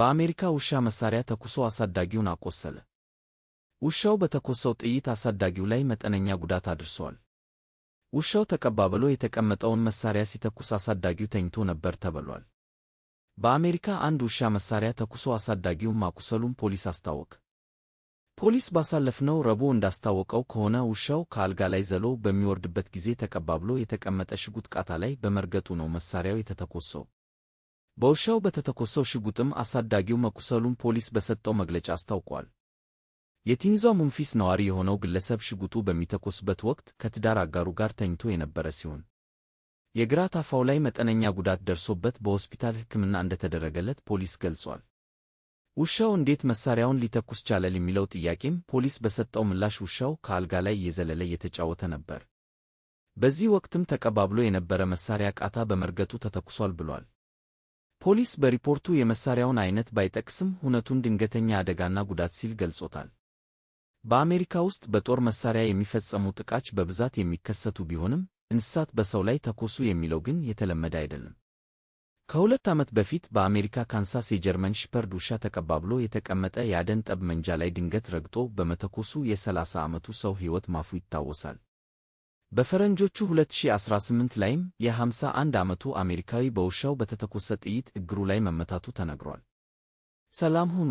በአሜሪካ ውሻ መሳሪያ ተኩሶ አሳዳጊውን አቆሰለ። ውሻው በተኮሰው ጥይት አሳዳጊው ላይ መጠነኛ ጉዳት አድርሷል። ውሻው ተቀባብሎ የተቀመጠውን መሳሪያ ሲተኩስ አሳዳጊው ተኝቶ ነበር ተብሏል። በአሜሪካ አንድ ውሻ መሳሪያ ተኩሶ አሳዳጊውን ማቁሰሉን ፖሊስ አስታወቀ። ፖሊስ ባሳለፍነው ረቡዕ እንዳስታወቀው ከሆነ ውሻው ከአልጋ ላይ ዘሎ በሚወርድበት ጊዜ ተቀባብሎ የተቀመጠ ሽጉጥ ቃታ ላይ በመርገጡ ነው መሳሪያው የተተኮሰው። በውሻው በተተኮሰው ሽጉጥም አሳዳጊው መቁሰሉን ፖሊስ በሰጠው መግለጫ አስታውቋል። የቲኒዟ ሙንፊስ ነዋሪ የሆነው ግለሰብ ሽጉጡ በሚተኮስበት ወቅት ከትዳር አጋሩ ጋር ተኝቶ የነበረ ሲሆን የግራ ታፋው ላይ መጠነኛ ጉዳት ደርሶበት በሆስፒታል ሕክምና እንደተደረገለት ፖሊስ ገልጿል። ውሻው እንዴት መሳሪያውን ሊተኩስ ቻለ የሚለው ጥያቄም ፖሊስ በሰጠው ምላሽ ውሻው ከአልጋ ላይ እየዘለለ እየተጫወተ ነበር። በዚህ ወቅትም ተቀባብሎ የነበረ መሳሪያ ቃታ በመርገጡ ተተኩሷል ብሏል። ፖሊስ በሪፖርቱ የመሳሪያውን አይነት ባይጠቅስም ሁነቱን ድንገተኛ አደጋና ጉዳት ሲል ገልጾታል። በአሜሪካ ውስጥ በጦር መሳሪያ የሚፈጸሙ ጥቃች በብዛት የሚከሰቱ ቢሆንም እንስሳት በሰው ላይ ተኮሱ የሚለው ግን የተለመደ አይደለም። ከሁለት ዓመት በፊት በአሜሪካ ካንሳስ የጀርመን ሽፐርድ ውሻ ተቀባብሎ የተቀመጠ የአደን ጠብመንጃ ላይ ድንገት ረግጦ በመተኮሱ የ30 ዓመቱ ሰው ሕይወት ማፉ ይታወሳል። በፈረንጆቹ 2018 ላይም የ51 ዓመቱ አሜሪካዊ በውሻው በተተኮሰ ጥይት እግሩ ላይ መመታቱ ተነግሯል። ሰላም ሁኑ።